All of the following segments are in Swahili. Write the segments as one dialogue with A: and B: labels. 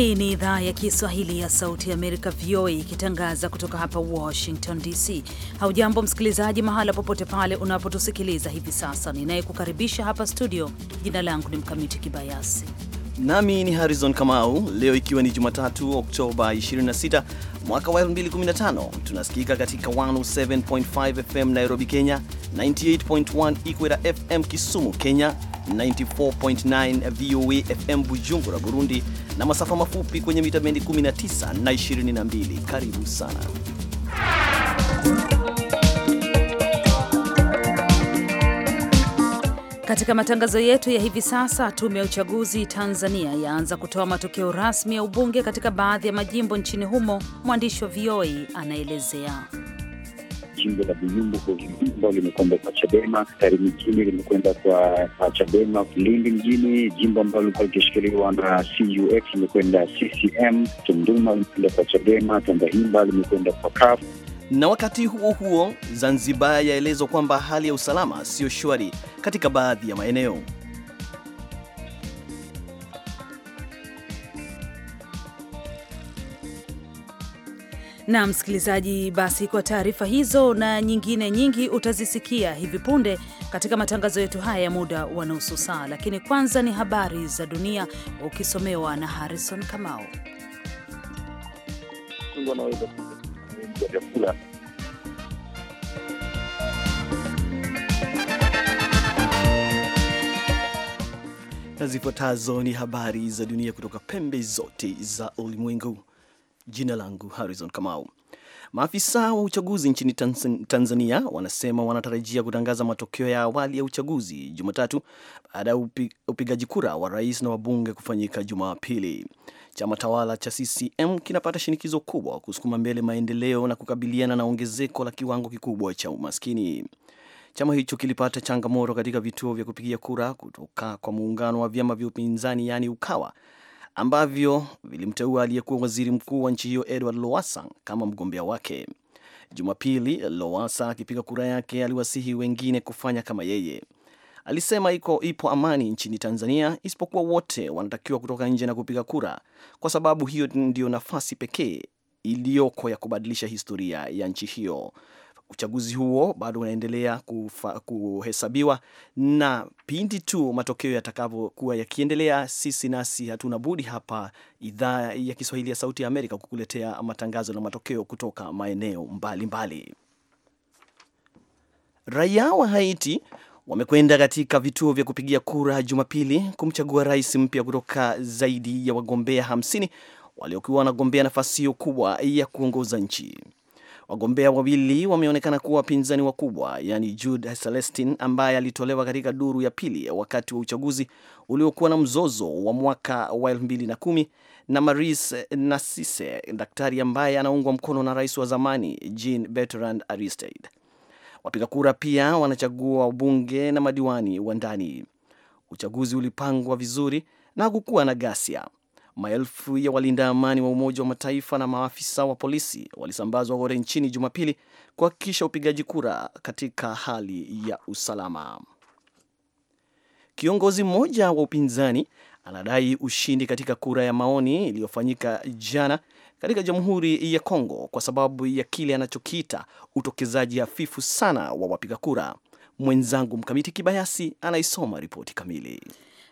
A: Hii ni idhaa ya Kiswahili ya Sauti ya Amerika, VOA, ikitangaza kutoka hapa Washington DC. Haujambo msikilizaji, mahala popote pale unapotusikiliza hivi sasa. Ninayekukaribisha hapa studio, jina langu ni Mkamiti Kibayasi
B: nami ni Harrison Kamau. Leo ikiwa ni Jumatatu, Oktoba 26 mwaka wa 2015, tunasikika katika 107.5 FM Nairobi, Kenya, 98.1 Ikweta FM Kisumu, Kenya, 94.9 VOA FM Bujumbura, Burundi, na masafa mafupi kwenye mita bendi 19 na 22. Karibu sana
A: Katika matangazo yetu ya hivi sasa, tume ya uchaguzi Tanzania yaanza kutoa matokeo rasmi ya ubunge katika baadhi ya majimbo nchini humo. Mwandishi wa VOA anaelezea.
C: Jimbo la Buyumbu kwa limekwenda kwa Chadema, Tari mjini limekwenda kwa Chadema, Lindi mjini, jimbo ambalo lilikuwa likishikiliwa na CUF limekwenda CCM, Tunduma limekwenda kwa Chadema, Tandahimba limekwenda kwa CUF.
B: Na wakati huo huo, Zanzibar yaelezwa kwamba hali ya usalama siyo shwari katika baadhi ya maeneo.
A: Na msikilizaji, basi kwa taarifa hizo na nyingine nyingi utazisikia hivi punde katika matangazo yetu haya ya muda wa nusu saa, lakini kwanza ni habari za dunia ukisomewa na Harrison Kamau
C: wa vyakula.
B: Na zifuatazo ni habari za dunia kutoka pembe zote za ulimwengu. Jina langu Harrison Kamau. Maafisa wa uchaguzi nchini Tanzania wanasema wanatarajia kutangaza matokeo ya awali ya uchaguzi Jumatatu baada ya upigaji kura wa rais na wabunge kufanyika Jumapili. Chama tawala cha CCM kinapata shinikizo kubwa kusukuma mbele maendeleo na kukabiliana na ongezeko la kiwango kikubwa cha umaskini. Chama hicho kilipata changamoto katika vituo vya kupigia kura kutoka kwa muungano wa vyama vya upinzani yaani UKAWA ambavyo vilimteua aliyekuwa waziri mkuu wa nchi hiyo Edward Lowassa kama mgombea wake. Jumapili, Lowassa akipiga kura yake aliwasihi wengine kufanya kama yeye alisema iko ipo amani nchini Tanzania isipokuwa wote wanatakiwa kutoka nje na kupiga kura, kwa sababu hiyo ndiyo nafasi pekee iliyoko ya kubadilisha historia ya nchi hiyo. Uchaguzi huo bado unaendelea kuhesabiwa na pindi tu matokeo yatakavyokuwa yakiendelea, sisi nasi hatuna budi hapa idhaa ya Kiswahili ya Sauti ya Amerika kukuletea matangazo na matokeo kutoka maeneo mbalimbali Raia wa Haiti wamekwenda katika vituo vya kupigia kura Jumapili kumchagua rais mpya kutoka zaidi ya wagombea 50 waliokuwa wanagombea nafasi hiyo kubwa ya kuongoza nchi. Wagombea wawili wameonekana kuwa wapinzani wakubwa, yani Jude Celestin ambaye alitolewa katika duru ya pili wakati wa uchaguzi uliokuwa na mzozo wa mwaka wa 2010 na maris nasise daktari ambaye anaungwa mkono na rais wa zamani Jean Bertrand Aristide. Wapiga kura pia wanachagua wabunge na madiwani wa ndani. Uchaguzi ulipangwa vizuri na hakukuwa na ghasia. Maelfu ya walinda amani wa Umoja wa Mataifa na maafisa wa polisi walisambazwa kote nchini Jumapili kuhakikisha upigaji kura katika hali ya usalama. Kiongozi mmoja wa upinzani anadai ushindi katika kura ya maoni iliyofanyika jana katika Jamhuri ya Kongo kwa sababu ya kile anachokiita utokezaji hafifu sana wa wapiga kura. Mwenzangu Mkamiti Kibayasi anaisoma ripoti kamili.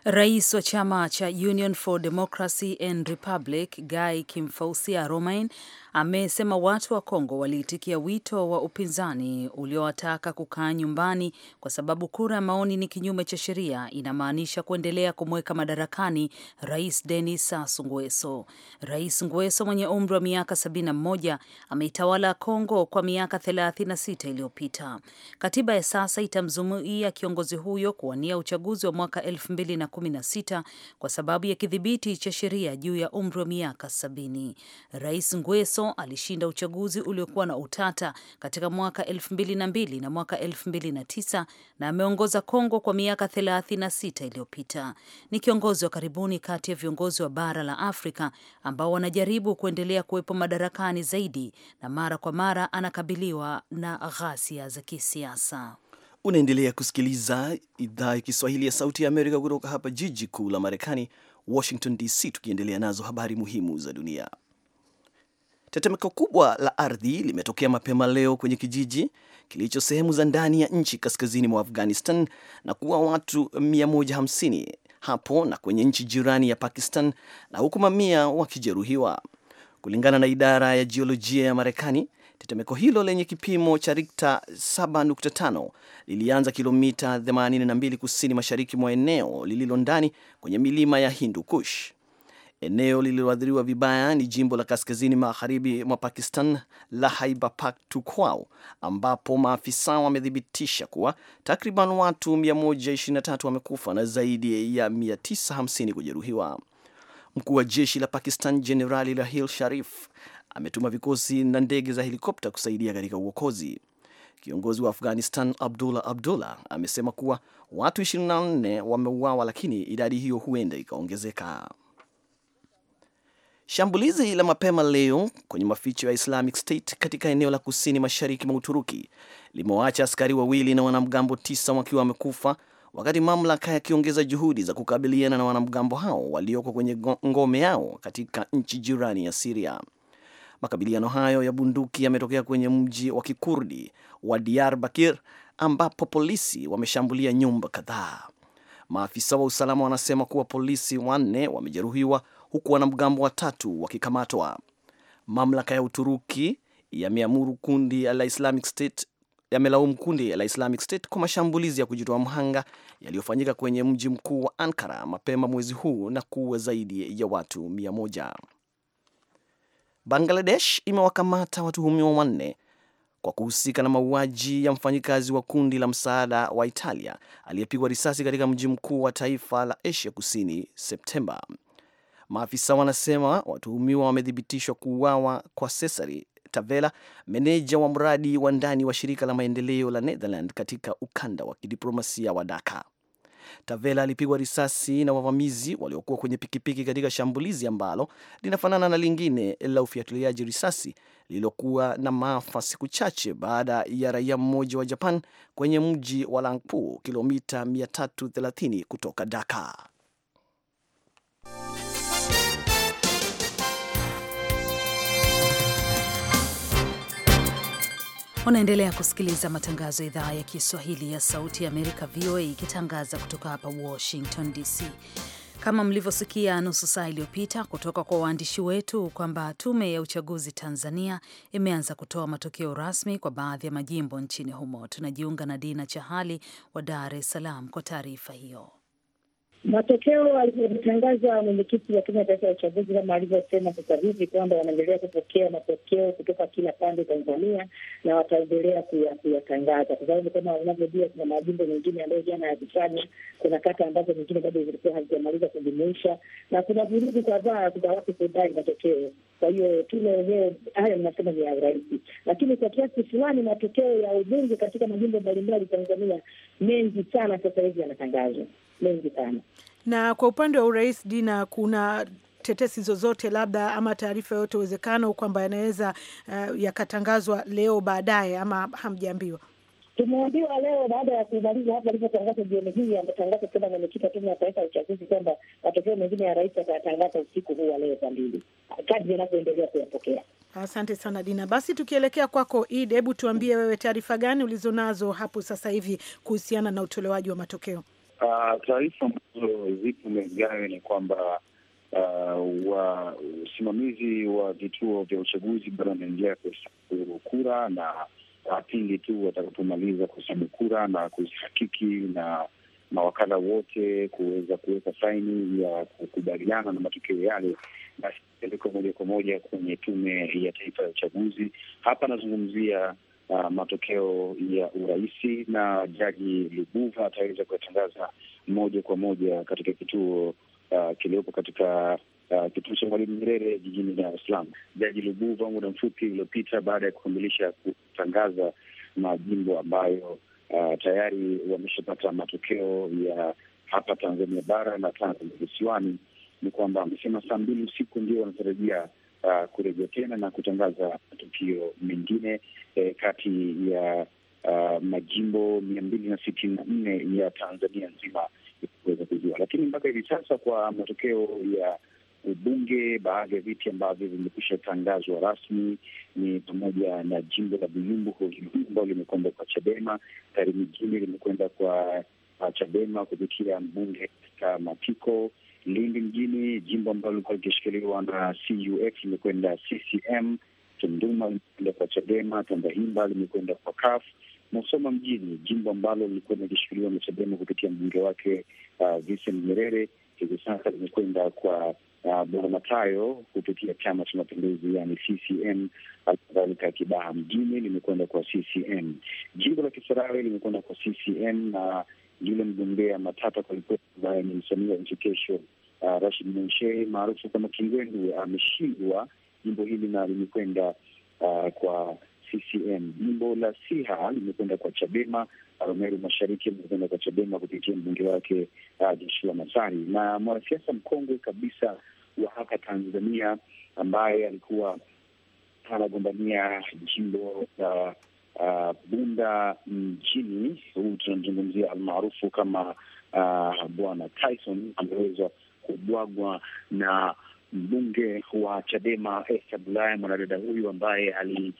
A: Rais wa chama cha Union for Democracy and Republic Guy Kimfausia Romain amesema watu wa Kongo waliitikia wito wa upinzani uliowataka kukaa nyumbani kwa sababu kura ya maoni ni kinyume cha sheria, inamaanisha kuendelea kumweka madarakani Rais Denis Sassou Nguesso. Rais Nguesso mwenye umri wa miaka 71 ameitawala Kongo kwa miaka 36 iliyopita. Katiba ya sasa itamzumuia kiongozi huyo kuwania uchaguzi wa mwaka 2000 2016 kwa sababu ya kidhibiti cha sheria juu ya umri wa miaka sabini. Rais Ngweso alishinda uchaguzi uliokuwa na utata katika mwaka 2002 na mwaka 2009 na ameongoza Kongo kwa miaka 36 iliyopita. Ni kiongozi wa karibuni kati ya viongozi wa bara la Afrika ambao wanajaribu kuendelea kuwepo madarakani zaidi na mara kwa mara anakabiliwa na ghasia za kisiasa.
B: Unaendelea kusikiliza idhaa ya Kiswahili ya Sauti ya Amerika kutoka hapa jiji kuu la Marekani, Washington DC, tukiendelea nazo habari muhimu za dunia. Tetemeko kubwa la ardhi limetokea mapema leo kwenye kijiji kilicho sehemu za ndani ya nchi kaskazini mwa Afghanistan na kuwa watu 150 hapo na kwenye nchi jirani ya Pakistan na huku mamia wakijeruhiwa, kulingana na idara ya jiolojia ya Marekani. Tetemeko hilo lenye kipimo cha Rikta 7.5 lilianza kilomita 82 kusini mashariki mwa eneo lililo ndani kwenye milima ya Hindu Kush. Eneo lililoathiriwa vibaya ni jimbo la kaskazini magharibi mwa Pakistan la haibapak tukwau ambapo maafisa wamethibitisha kuwa takriban watu 123 wamekufa na zaidi ya 950 kujeruhiwa. Mkuu wa jeshi la Pakistan Jenerali Rahil Sharif ametuma vikosi na ndege za helikopta kusaidia katika uokozi. Kiongozi wa Afghanistan Abdullah Abdullah amesema kuwa watu 24 wameuawa, lakini idadi hiyo huenda ikaongezeka. Shambulizi la mapema leo kwenye maficho ya Islamic State katika eneo la kusini mashariki mwa Uturuki limewaacha askari wawili na wanamgambo tisa wakiwa wamekufa, wakati mamlaka yakiongeza juhudi za kukabiliana na wanamgambo hao walioko kwenye ngome yao katika nchi jirani ya Siria. Makabiliano hayo ya bunduki yametokea kwenye mji wa kikurdi wa Diyarbakir ambapo polisi wameshambulia nyumba kadhaa. Maafisa wa usalama wanasema kuwa polisi wanne wamejeruhiwa huku wanamgambo watatu wakikamatwa. Mamlaka ya Uturuki yameamuru kundi la Islamic State yamelaumu kundi la Islamic State kwa mashambulizi ya kujitoa mhanga yaliyofanyika kwenye mji mkuu wa Ankara mapema mwezi huu na kuua zaidi ya watu mia moja. Bangladesh imewakamata watuhumiwa wanne kwa kuhusika na mauaji ya mfanyikazi wa kundi la msaada wa Italia aliyepigwa risasi katika mji mkuu wa taifa la Asia Kusini Septemba. Maafisa wanasema watuhumiwa wamethibitishwa kuuawa kwa cesari tavela meneja wa mradi wa ndani wa shirika la maendeleo la Netherland katika ukanda wa kidiplomasia wa Daka. Tavela alipigwa risasi na wavamizi waliokuwa kwenye pikipiki katika shambulizi ambalo linafanana na lingine la ufiatuliaji risasi lililokuwa na maafa siku chache baada ya raia mmoja wa Japan kwenye mji wa langpu kilomita 330 kutoka daka
A: Unaendelea kusikiliza matangazo ya idhaa ya Kiswahili ya Sauti ya Amerika, VOA, ikitangaza kutoka hapa Washington DC. Kama mlivyosikia nusu saa iliyopita kutoka kwa waandishi wetu kwamba tume ya uchaguzi Tanzania imeanza kutoa matokeo rasmi kwa baadhi ya majimbo nchini humo. Tunajiunga na Dina Chahali wa Dar es Salaam kwa taarifa hiyo.
D: Matokeo alivyotangaza mwenyekiti wa Tume ya Taifa ya Uchaguzi, kama alivyosema sasa hivi kwamba wanaendelea kupokea matokeo kutoka kila pande Tanzania, na wataendelea kuyatangaza, kwa sababu kama unavyojua, kuna majimbo mengine ambayo jana yajifanya, kuna kata ambazo nyingine bado zilikuwa hazijamaliza kujumuisha, na kuna vurugu kadhaa za watu kudai matokeo. Kwa hiyo tume wenyewe haya mnasema ni ya urahisi, lakini kwa kiasi fulani matokeo ya ubunge katika majimbo mbalimbali Tanzania mengi sana sasa hivi yanatangazwa mengi sana.
E: Na kwa upande wa urais, Dina, kuna tetesi zozote labda ama taarifa yoyote uwezekano kwamba yanaweza uh, yakatangazwa leo baadaye ama hamjaambiwa?
D: Tumeambiwa leo baada ya kumaliza hapa alivyotangaza jioni hii, ametangaza tena mwenyekiti wa Tume ya Taifa ya Uchaguzi kwamba matokeo mengine ya rais atayatangaza usiku huu wa leo saa mbili, kadi anavyoendelea kuyapokea.
E: Asante sana Dina. Basi tukielekea kwako Ed, hebu tuambie wewe taarifa gani ulizonazo hapo sasa hivi kuhusiana na utolewaji wa matokeo?
C: Uh, taarifa ambazo zipo mezani ni kwamba uh, wa, wa vituo vya uchaguzi bado wanaendelea kuhesabu kura na pindi tu watakapomaliza kuhesabu kura na kuzihakiki na mawakala wote kuweza kuweka saini ya kukubaliana na matokeo yale, basi pelekwa moja kwa moja kwenye Tume ya Taifa ya Uchaguzi. Hapa anazungumzia uh, matokeo ya uraisi na Jaji Lubuva ataweza kuyatangaza moja kwa moja katika kituo uh, kiliyopo katika Uh, kituo cha Mwalimu Nyerere jijini Dar es Salaam. Jaji Lubuva muda mfupi uliopita, baada ya kukamilisha kutangaza majimbo ambayo uh, tayari wameshapata matokeo ya hapa Tanzania bara na Tanzania visiwani, ni kwamba amesema saa mbili usiku ndio wanatarajia uh, kurejea tena na kutangaza matukio mengine eh, kati ya uh, majimbo mia mbili na sitini na nne ya Tanzania nzima kuweza kujua, lakini mpaka hivi sasa kwa matokeo ya ubunge, baadhi ya viti ambavyo vimekwisha tangazwa rasmi ni pamoja na jimbo la Buyumbu ambalo limekwenda kwa Chadema, Tarime mingine limekwenda kwa uh, Chadema kupitia mbunge katika Matiko. Lindi mjini, jimbo ambalo lilikuwa likishikiliwa na CUF limekwenda CCM, Tunduma limekwenda kwa Chadema, Tandahimba limekwenda kwa CUF. Musoma mjini, jimbo ambalo lilikuwa likishikiliwa na Chadema kupitia mbunge wake uh, Vincent Nyerere, hivi sasa limekwenda kwa uh, Bwana Matayo kupitia Chama cha Mapinduzi, yani CCM. Kadhalika Kibaha mjini limekwenda kwa CCM, jimbo la Kisarawe limekwenda kwa CCM na uh, yule mgombea Matata kwa Kikwete ambaye ni msanii wa nchi kesho, uh, Rashid Monshe maarufu kama Kingwendu ameshindwa jimbo hili na limekwenda uh, kwa CCM. Jimbo la Siha limekwenda kwa Chadema. Arumeru uh, Mashariki limekwenda kwa Chadema kupitia mbunge wake uh, Joshua Masari, na mwanasiasa mkongwe kabisa wa hapa Tanzania ambaye alikuwa anagombania jimbo la uh, uh, bunda mjini, huu tunamzungumzia almaarufu kama uh, bwana Tyson ameweza kubwagwa na mbunge wa Chadema Esther Bulaya, mwanadada huyu ambaye ali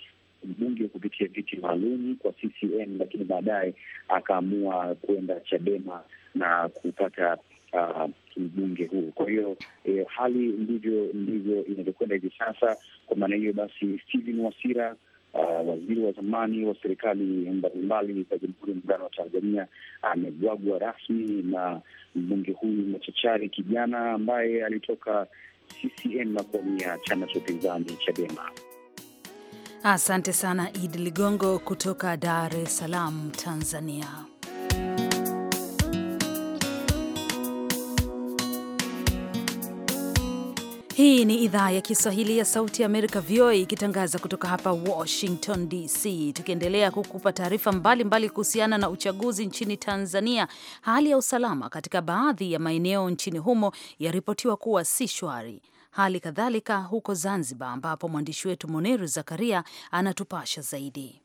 C: mbunge kupitia viti maalum kwa CCM lakini baadaye akaamua kwenda Chadema na kupata uh, mbunge huo. Kwa hiyo eh, hali ndivyo ndivyo inavyokwenda hivi sasa. Kwa maana hiyo basi, stehen Wasira Uh, waziri wa zamani wa serikali mbalimbali za Jamhuri ya Muungano wa Tanzania amebwagwa rasmi na mbunge huyu machachari kijana ambaye alitoka CCM na kuamia chama cha upinzani Chadema.
A: Asante sana Idi Ligongo kutoka Dar es Salaam, Tanzania. Hii ni idhaa ya Kiswahili ya Sauti ya Amerika, VOA, ikitangaza kutoka hapa Washington DC, tukiendelea kukupa taarifa mbalimbali kuhusiana na uchaguzi nchini Tanzania. Hali ya usalama katika baadhi ya maeneo nchini humo yaripotiwa kuwa si shwari. Hali kadhalika huko Zanzibar, ambapo mwandishi wetu Moneru Zakaria anatupasha zaidi.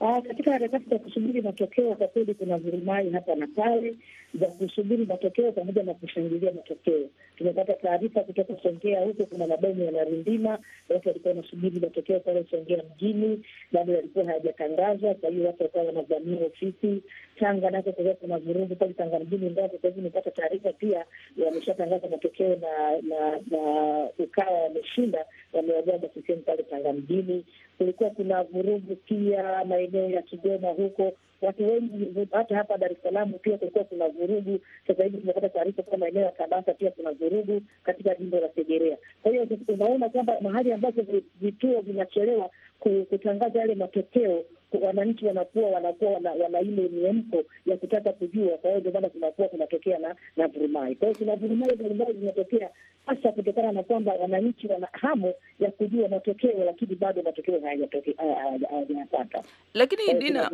D: Aa, ah, katika harakati za kusubiri matokeo kwa kweli kuna vurumai hapa na pale za kusubiri matokeo pamoja na kushangilia matokeo. Tumepata taarifa kutoka Songea, huko kuna mabomu yanarindima. Watu walikuwa wanasubiri matokeo pale Songea mjini, bado yalikuwa hayajatangazwa. Kwa hiyo watu wakawa wanavamia ofisi. Tanga nako kuwa kuna vurugu pale Tanga mjini ndako. Kwa hivyo nimepata taarifa pia wameshatangaza matokeo na na na Ukawa wameshinda, wamewajaza sisehemu pale Tanga mjini kulikuwa kuna vurugu pia maeneo ya Kigoma huko, watu wengi hata hapa Dar es Salaam pia kulikuwa kuna vurugu. Sasa hivi tumepata taarifa kuwa maeneo ya kabasa pia kuna vurugu katika jimbo la Segerea. Kwa hiyo unaona kwamba mahali ambapo vituo vinachelewa kutangaza yale matokeo, wananchi wanakuwa wanakuwa wana ile miemko ya kutaka kujua. Kwa hiyo ndio maana kunakuwa kunatokea na na vurumai. Kwa hiyo kuna vurumai mbalimbali zinatokea hasa kutokana na kwamba wananchi wana hamu ya kujua matokeo, lakini bado matokeo hayajapata. Lakini eh, Dina,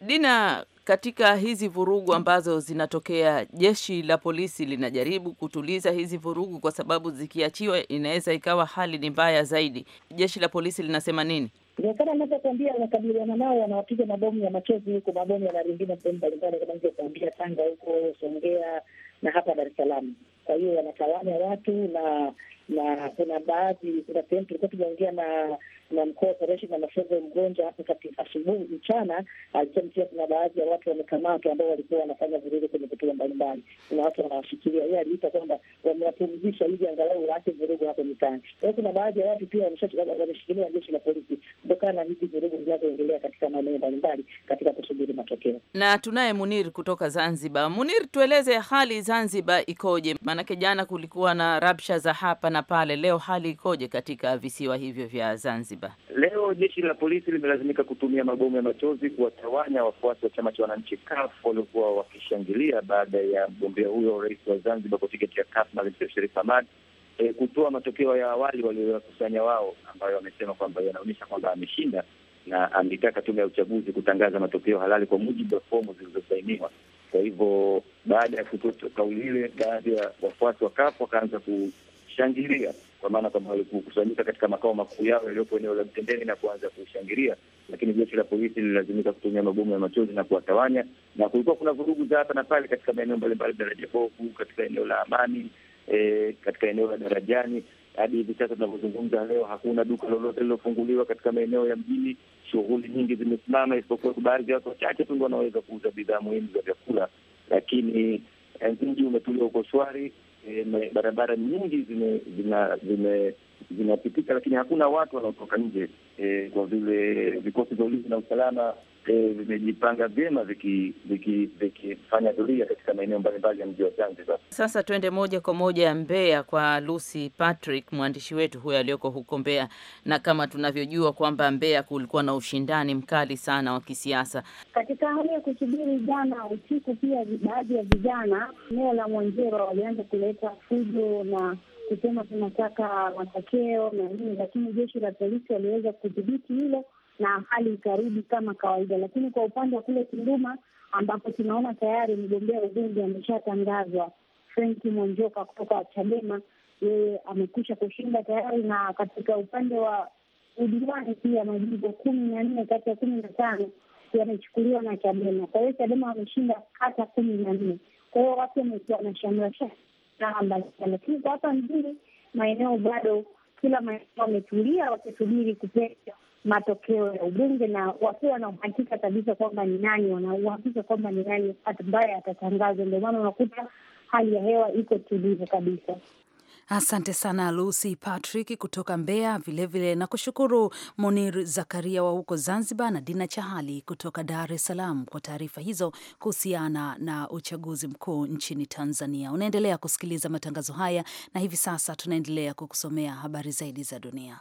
E: Dina, katika hizi vurugu ambazo zinatokea, jeshi la polisi linajaribu kutuliza hizi vurugu, kwa sababu zikiachiwa inaweza ikawa hali ni mbaya zaidi. Jeshi la polisi linasema nini?
D: Kama anavyokuambia wanakabiliana nao, wanawapiga mabomu ya machozi huko, mabomu yanaringina sehemu mbalimbali, kama nivyokuambia Tanga huko, Songea na hapa Dar es Salaam. Kwa hiyo wanatawanya watu na na kuna baadhi, kuna sehemu tulikuwa tumeongea na na mkuu wa operesheni na mafunzo mgonjwa hapo kati asubuhi mchana alisema pia kuna baadhi ya watu wamekamatwa ambao walikuwa wanafanya vurugu kwenye vituo mbalimbali, kuna watu wanawafikiria. Yeye aliita kwamba wamewapumzisha ili angalau waache vurugu hapo mitaani. Kwa hiyo kuna baadhi ya watu pia wameshikiliwa jeshi la polisi kutokana na hizi vurugu zinazoendelea katika maeneo mbalimbali katika kusubiri matokeo.
E: Na tunaye Munir kutoka Zanzibar. Munir, tueleze hali Zanzibar ikoje? Maanake jana kulikuwa na rabsha za hapa na pale, leo hali ikoje katika visiwa hivyo vya Zanzibar? Zanzibar.
C: Leo jeshi la polisi limelazimika kutumia mabomu ya machozi kuwatawanya wafuasi wa chama cha wananchi CUF waliokuwa wakishangilia baada ya mgombea huyo rais wa Zanzibar kwa tiketi ya CUF Maalim Seif Sharif Hamad e, kutoa matokeo ya awali walioyakusanya wao, ambayo wamesema kwamba yanaonyesha kwamba ameshinda, na ameitaka tume ya uchaguzi kutangaza matokeo halali kwa mujibu wa fomu zilizosainiwa. Kwa hivyo baada ya kutoa kauli ile, baadhi ya wafuasi wa CUF wakaanza kushangilia kwa maana kwamba walikukusanyika katika makao makuu yao yaliyopo eneo la Mtendeni na kuanza kushangilia, lakini jeshi la polisi lililazimika kutumia mabomu ya machozi na kuwatawanya, na kulikuwa kuna vurugu za hapa na pale katika maeneo mbalimbali, daraja bovu, katika eneo la Amani, e, katika eneo la Darajani. Hadi hivi sasa tunavyozungumza leo, hakuna duka lolote lililofunguliwa katika maeneo ya mjini. Shughuli nyingi zimesimama, isipokuwa baadhi ya watu wachache tu wanaweza kuuza bidhaa muhimu za vyakula, lakini eh, mji umetulia, uko shwari e, barabara nyingi zinapitika zime, zime, lakini hakuna watu wanaotoka nje e, kwa vile vikosi vya ulinzi na usalama e, vimejipanga vyema vikifanya doria katika maeneo mbalimbali ya mji wa Zanzibar.
E: Sasa tuende moja kwa moja Mbeya kwa Lucy Patrick, mwandishi wetu huyo aliyoko huko Mbeya, na kama tunavyojua kwamba Mbeya kulikuwa na ushindani mkali sana wa kisiasa.
D: Katika hali ya kusubiri jana usiku, pia baadhi ya vijana eneo la Mwanjero walianza kuleta fujo na kusema tunataka matokeo na nini, lakini jeshi la polisi waliweza kudhibiti hilo na hali itarudi kama kawaida. Lakini kwa upande wa kule Tunduma ambapo tunaona tayari mgombea ubunge ameshatangazwa Frank mwanjoka kutoka Chadema, yeye amekusha kushinda tayari, na katika upande wa udiwani pia majimbo kumi na nne kati ya kumi na tano yamechukuliwa na Chadema. Kwa hiyo Chadema wameshinda kata kumi na nne. Kwa hiyo watu wamekuwa na shamrasha mbalimbali, lakini kwa hapa mjini maeneo bado, kila maeneo wametulia wakisubiri kupenya matokeo ya ubunge na wakiwa na uhakika kabisa kwamba ni nani, wanauhakika kwamba ni nani ambaye atatangazwa. Ndio maana unakuta hali ya hewa iko tulivu kabisa.
A: Asante sana Lucy Patrick kutoka Mbeya, vilevile na kushukuru Monir Zakaria wa huko Zanzibar na Dina Chahali kutoka Dar es Salaam kwa taarifa hizo kuhusiana na uchaguzi mkuu nchini Tanzania. Unaendelea kusikiliza matangazo haya, na hivi sasa tunaendelea kukusomea habari zaidi za dunia.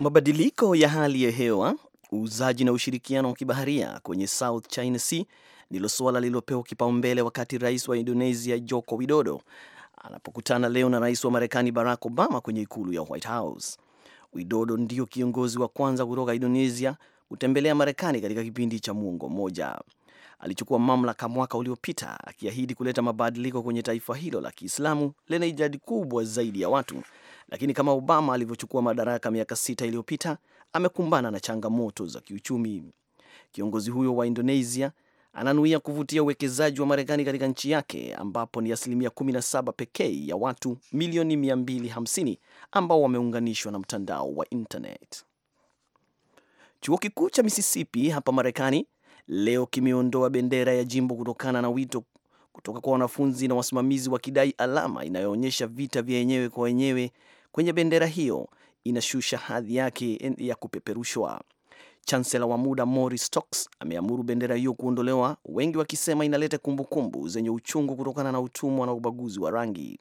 B: Mabadiliko ya hali ya hewa, uuzaji na ushirikiano wa kibaharia kwenye South China Sea ndilo suala lililopewa kipaumbele wakati rais wa Indonesia Joko Widodo anapokutana leo na rais wa Marekani Barack Obama kwenye ikulu ya White House. Widodo ndio kiongozi wa kwanza kutoka Indonesia kutembelea Marekani katika kipindi cha muongo mmoja. Alichukua mamlaka mwaka uliopita akiahidi kuleta mabadiliko kwenye taifa hilo la Kiislamu lenye idadi kubwa zaidi ya watu lakini kama Obama alivyochukua madaraka miaka sita iliyopita, amekumbana na changamoto za kiuchumi. Kiongozi huyo wa Indonesia ananuia kuvutia uwekezaji wa Marekani katika nchi yake ambapo ni asilimia 17 pekee ya watu milioni 250 ambao wameunganishwa na mtandao wa internet. Chuo kikuu cha Mississippi hapa Marekani leo kimeondoa bendera ya jimbo kutokana na wito kutoka kwa wanafunzi na wasimamizi wakidai alama inayoonyesha vita vya wenyewe kwa wenyewe kwenye bendera hiyo inashusha hadhi yake ya kupeperushwa. Chansela wa muda Maurice Stokes ameamuru bendera hiyo kuondolewa, wengi wakisema inaleta kumbukumbu zenye uchungu kutokana na utumwa na ubaguzi wa rangi.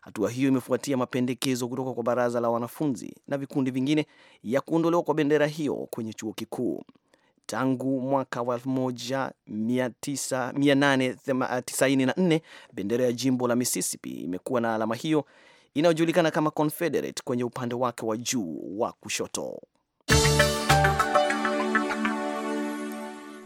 B: Hatua hiyo imefuatia mapendekezo kutoka kwa baraza la wanafunzi na vikundi vingine ya kuondolewa kwa bendera hiyo kwenye chuo kikuu. Tangu mwaka wa 1894 bendera ya jimbo la Mississippi imekuwa na alama hiyo inayojulikana kama Confederate kwenye upande wake wa juu wa kushoto.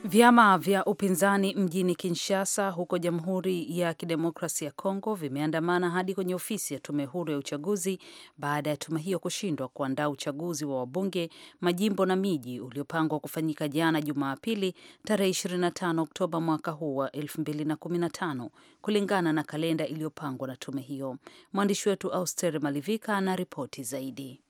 A: Vyama vya upinzani mjini Kinshasa huko Jamhuri ya Kidemokrasia ya Kongo vimeandamana hadi kwenye ofisi ya tume huru ya uchaguzi baada ya tume hiyo kushindwa kuandaa uchaguzi wa wabunge majimbo na miji uliopangwa kufanyika jana Jumapili tarehe 25 Oktoba mwaka huu wa 2015 kulingana na kalenda iliyopangwa na tume hiyo. Mwandishi wetu Auster Malivika ana ripoti zaidi.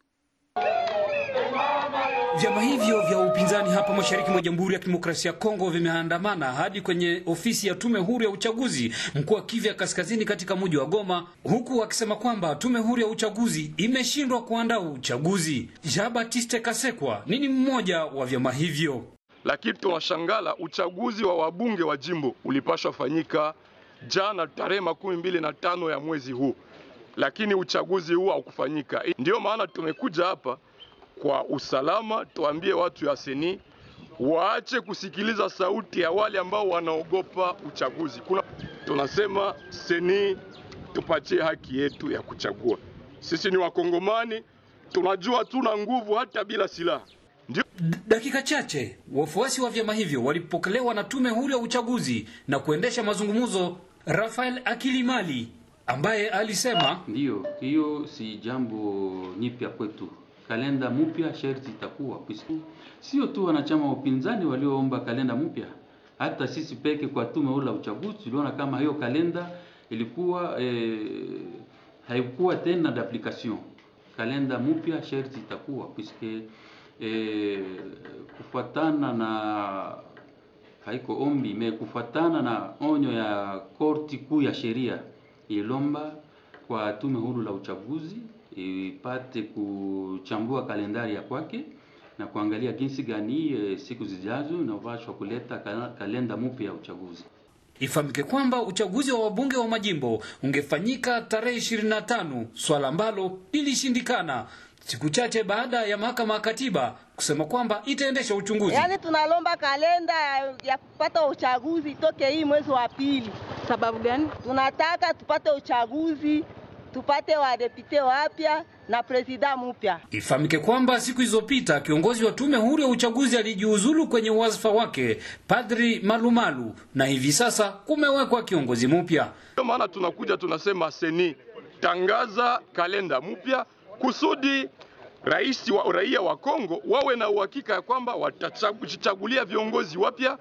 A: Vyama hivyo vya upinzani hapa mashariki mwa Jamhuri ya Kidemokrasia ya Kongo vimeandamana hadi kwenye ofisi ya tume huru ya uchaguzi mkuu wa Kivu Kaskazini katika
F: mji wa Goma, huku wakisema kwamba tume huru ya uchaguzi imeshindwa kuandaa uchaguzi. Jean Baptiste Kasekwa nini mmoja wa vyama hivyo. Lakini tunashangala uchaguzi wa wabunge wa jimbo ulipashwa fanyika jana tarehe makumi mbili na tano ya mwezi huu, lakini uchaguzi huu haukufanyika. Ndiyo maana tumekuja hapa kwa usalama. Tuambie watu ya seni waache kusikiliza sauti ya wale ambao wanaogopa uchaguzi. Kuna tunasema seni tupatie haki yetu ya kuchagua. Sisi ni Wakongomani, tunajua tuna nguvu hata bila silaha. Dakika chache wafuasi wa vyama hivyo walipokelewa na tume huru ya uchaguzi na kuendesha mazungumzo. Rafael Akilimali
A: ambaye alisema, ndio, hiyo si jambo nyipya kwetu kalenda mpya sharti itakuwa, sio tu wanachama wa upinzani walioomba kalenda mpya, hata sisi peke kwa tume ula uchaguzi tuliona kama hiyo kalenda ilikuwa e, haikuwa tena d'application. Kalenda mpya sharti itakuwa puisque e, kufuatana na haiko ombi me kufuatana na onyo ya korti kuu ya sheria ilomba kwa Tume Huru la Uchaguzi ipate kuchambua kalendari ya kwake na kuangalia jinsi gani e, siku zijazo inapaswa kuleta kalenda mpya ya uchaguzi. Ifahamike kwamba uchaguzi wa wabunge wa majimbo ungefanyika tarehe 25, swala ambalo lilishindikana siku chache baada ya mahakama ya katiba kusema kwamba itaendesha uchunguzi. Yaani,
E: tunalomba kalenda ya kupata uchaguzi itoke hii mwezi wa pili. Sababu gani? Tunataka tupate uchaguzi tupate wadepite wapya na presida mpya.
B: Ifahamike
A: kwamba siku hizopita kiongozi wa tume huru ya uchaguzi alijiuzulu kwenye wazifa wake
F: Padri Malumalu, na hivi sasa kumewekwa kiongozi mpya. Ndio maana tunakuja tunasema seni tangaza kalenda mpya kusudi rais wa raia wa Kongo wawe na uhakika ya kwamba watachagulia viongozi wapya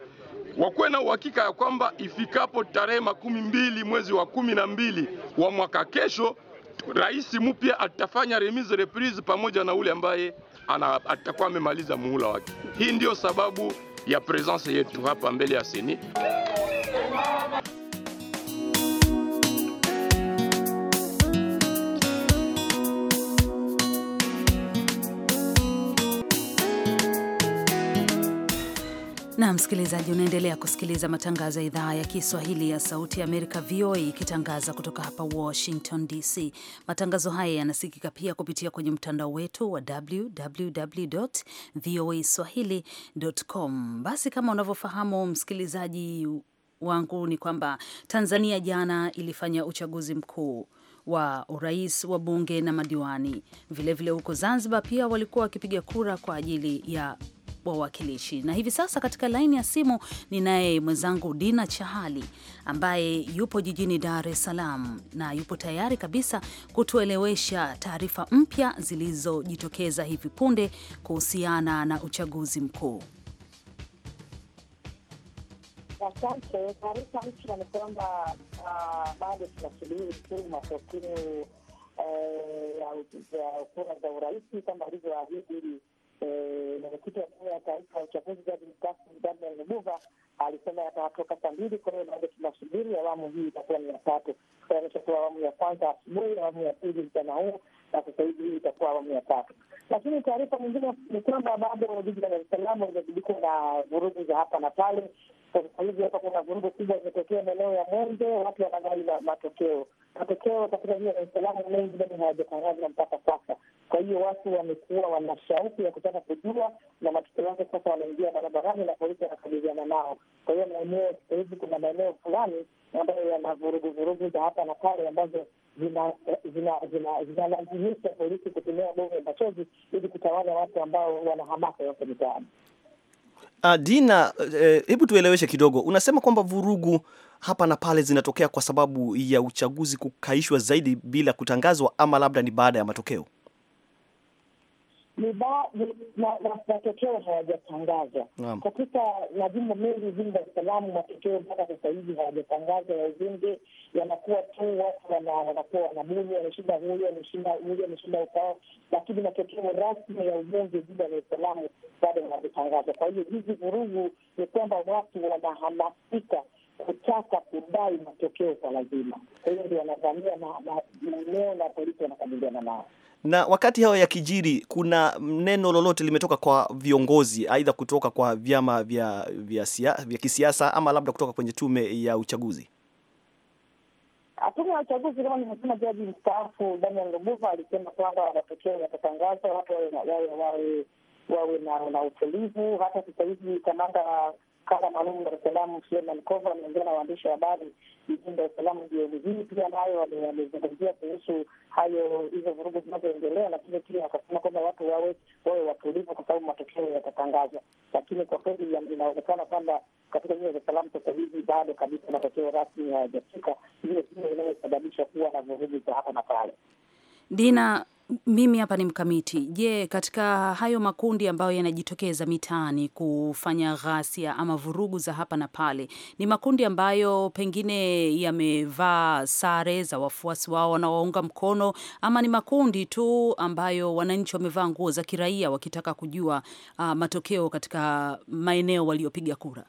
F: wakuwe na uhakika ya kwamba ifikapo tarehe makumi mbili mwezi wa kumi na mbili wa mwaka kesho, rais mpya atafanya remise reprise pamoja na ule ambaye atakuwa amemaliza muhula wake. Hii ndiyo sababu ya presence yetu hapa mbele ya Seni.
A: na msikilizaji, unaendelea kusikiliza matangazo ya idhaa ya Kiswahili ya Sauti ya Amerika, VOA, ikitangaza kutoka hapa Washington DC. Matangazo haya yanasikika pia kupitia kwenye mtandao wetu wa www voa swahili.com. Basi kama unavyofahamu msikilizaji wangu, ni kwamba Tanzania jana ilifanya uchaguzi mkuu wa urais wa bunge na madiwani. Vilevile huko Zanzibar pia walikuwa wakipiga kura kwa ajili ya wawakilishi. Na hivi sasa katika laini ya simu ninaye mwenzangu Dina Chahali ambaye yupo jijini Dar es Salaam na yupo tayari kabisa kutuelewesha taarifa mpya zilizojitokeza hivi punde kuhusiana na uchaguzi mkuu.
D: Asante. Taarifa mpya ni kwamba ah, bado tunasubiri tu matokeo eh, ya kura za urais kama alivyoahidi eh, mwenyekiti wa tume ya taifa ya uchaguzi Jaji Daniel Lubuva alisema yatatoka saa mbili. Kwa hiyo bado tunasubiri, awamu hii itakuwa ni ya tatu, kuwa awamu ya kwanza asubuhi, awamu ya pili mchana huu na sasa hivi hii itakuwa awamu ya tatu. Lakini taarifa nyingine ni kwamba bado jiji la Dar es Salaam limegubikwa na vurugu za hapa na pale. Sasa hivi hapa kuna vurugu kubwa zimetokea maeneo ya Mwenge, watu wanagali matokeo. Matokeo katika jiji la Dar es Salaam mengi bado hayajatangazwa mpaka sasa. Kwa hiyo watu wamekuwa wana shauku ya kutaka kujua na matokeo yake. Sasa wanaingia barabarani na polisi wanakabiliana nao. Kwa hiyo maeneo sasa hivi kuna maeneo fulani ambayo yana vurugu vurugu za hapa na pale ambazo zinalazimisha polisi kutumia bomu ya machozi ili kutawanya watu ambao wana hamasa yote mitaani.
B: Ah, Dina, eh, hebu eh, tueleweshe kidogo. Unasema kwamba vurugu hapa na pale zinatokea kwa sababu ya uchaguzi kukaishwa zaidi bila kutangazwa, ama labda ni baada ya matokeo?
D: matokeo hayajatangazwa katika majimbo mengi jini Dar es Salaam. Matokeo mpaka sasa hivi hayajatangazwa ya ubunge yanakuwa tu watu wanakuwa wanabuni, wameshinda huyu, huyu wameshinda ukao, lakini matokeo rasmi ya ubunge jini Dar es Salaam bado hayajatangazwa. Kwa hiyo hizi vurugu ni kwamba watu wanahamasika kutaka kudai matokeo kwa lazima. Kwa hiyo ndio wanavamia maeneo na polisi wanakabiliana nao.
B: Na wakati hayo yakijiri, kuna neno lolote limetoka kwa viongozi, aidha kutoka kwa vyama vya, vya, vya kisiasa ama labda kutoka kwenye tume ya uchaguzi?
D: Tume ya uchaguzi kama nimesema, jaji mstaafu Daniel Lubuva alisema kwamba matokeo yatatangazwa, watu wawe wawe wawe na utulivu. Hata sasa hivi kamanda kada maalum Dar es Salaam, Suleiman Kova ameongea na waandishi wa habari jijini Dar es Salaam jioni hii, pia nayo wamezungumzia kuhusu hayo hizo vurugu zinazoendelea, lakini pia wakasema kwamba watu wawe wawe watulivu, kwa sababu matokeo yatatangazwa. Lakini kwa kweli inaonekana kwamba katika jiji la Dar es Salaam sasa hivi bado kabisa matokeo rasmi hayajafika, hiyo hiyo inayosababisha kuwa na vurugu za hapa na pale.
A: Dina, mimi hapa ni mkamiti. Je, katika hayo makundi ambayo yanajitokeza mitaani kufanya ghasia ama vurugu za hapa na pale, ni makundi ambayo pengine yamevaa sare za wafuasi wao wanawaunga mkono, ama ni makundi tu ambayo wananchi wamevaa nguo za kiraia wakitaka kujua uh, matokeo katika maeneo waliopiga kura?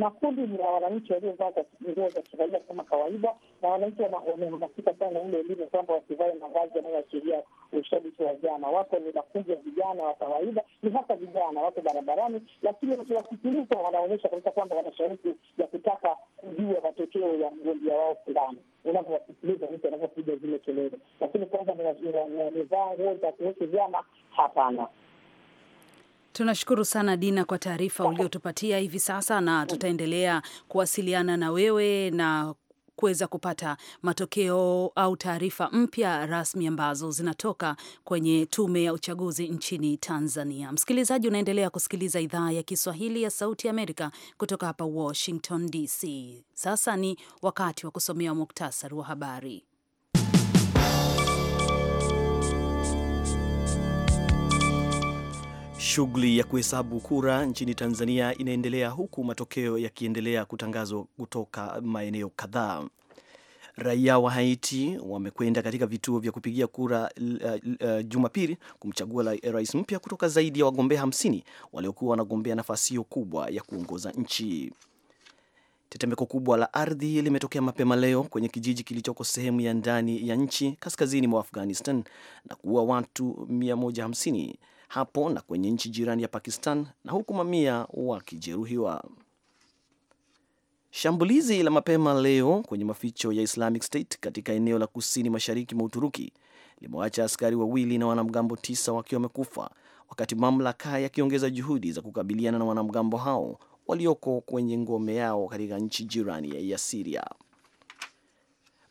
D: na kundi ni la wananchi waliovaa nguo za kiraia kama kawaida, na wananchi wamehamasika sana ile elimu kwamba wasivae mavazi yanayoashiria ushabiki wa vyama Wako ni makundi ya vijana wa kawaida, ni hasa vijana wako barabarani, lakini wakiwasikiliza wanaonyesha kabisa kwamba wana shauku ya kutaka kujua matokeo ya mgombea wao fulani. Unavyowasikiliza mtu anavyopiga zile kelele, lakini kwamba nimevaa nguo za kuhusu vyama, hapana.
A: Tunashukuru sana Dina kwa taarifa uliotupatia hivi sasa, na tutaendelea kuwasiliana na wewe na kuweza kupata matokeo au taarifa mpya rasmi ambazo zinatoka kwenye tume ya uchaguzi nchini Tanzania. Msikilizaji, unaendelea kusikiliza idhaa ya Kiswahili ya Sauti Amerika kutoka hapa Washington DC. Sasa ni wakati wa kusomea muktasari wa habari.
B: Shughuli ya kuhesabu kura nchini Tanzania inaendelea huku matokeo yakiendelea kutangazwa kutoka maeneo kadhaa. Raia wa Haiti wamekwenda katika vituo vya kupigia kura uh, uh, Jumapili kumchagua rais mpya kutoka zaidi ya wagombea 50 waliokuwa wanagombea nafasi hiyo kubwa ya kuongoza nchi. Tetemeko kubwa la ardhi limetokea mapema leo kwenye kijiji kilichoko sehemu ya ndani ya nchi kaskazini mwa Afghanistan na kuua watu 150 hapo na kwenye nchi jirani ya Pakistan na huku mamia wakijeruhiwa. Shambulizi la mapema leo kwenye maficho ya Islamic State katika eneo la kusini mashariki mwa Uturuki limewaacha askari wawili na wanamgambo tisa wakiwa wamekufa, wakati mamlaka yakiongeza juhudi za kukabiliana na wanamgambo hao walioko kwenye ngome yao katika nchi jirani ya Siria.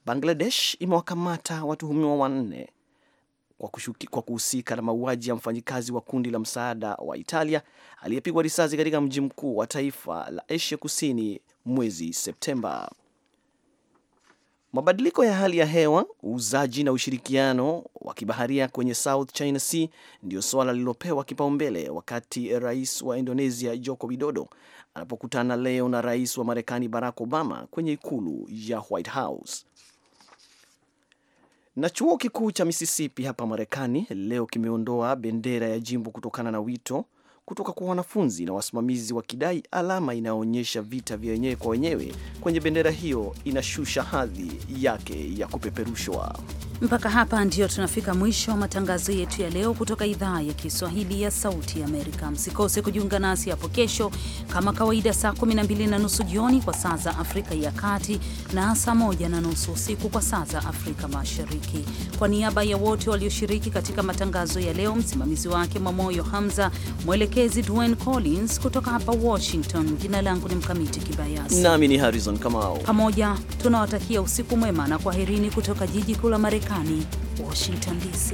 B: Bangladesh imewakamata watuhumiwa wanne kwa, kuhusika na mauaji ya mfanyikazi wa kundi la msaada wa Italia aliyepigwa risasi katika mji mkuu wa taifa la Asia Kusini mwezi Septemba. Mabadiliko ya hali ya hewa, uuzaji na ushirikiano wa kibaharia kwenye South China Sea ndiyo suala lililopewa kipaumbele wakati rais wa Indonesia Joko Widodo anapokutana leo na rais wa Marekani Barack Obama kwenye ikulu ya White House. Na chuo kikuu cha Mississippi hapa Marekani leo kimeondoa bendera ya jimbo kutokana na wito kutoka kwa wanafunzi na wasimamizi wakidai alama inayoonyesha vita vya wenyewe kwa wenyewe kwenye bendera hiyo inashusha hadhi yake ya kupeperushwa.
A: Mpaka hapa ndio tunafika mwisho wa matangazo yetu ya leo kutoka idhaa ya Kiswahili ya Sauti ya Amerika. Msikose kujiunga nasi hapo kesho kama kawaida, saa 12 na nusu jioni kwa saa za Afrika ya Kati na saa 1 na nusu usiku kwa saa za Afrika Mashariki. Kwa niaba ya wote walioshiriki katika matangazo ya leo, msimamizi wake Mamoyo Hamza mwelekeo mwelekezi Dwayne Collins kutoka hapa Washington. Jina langu ni Mkamiti Kibayasi
B: nami ni Harrison Kamau.
A: Pamoja tunawatakia usiku mwema na kwaherini kutoka jiji kuu la Marekani, Washington DC.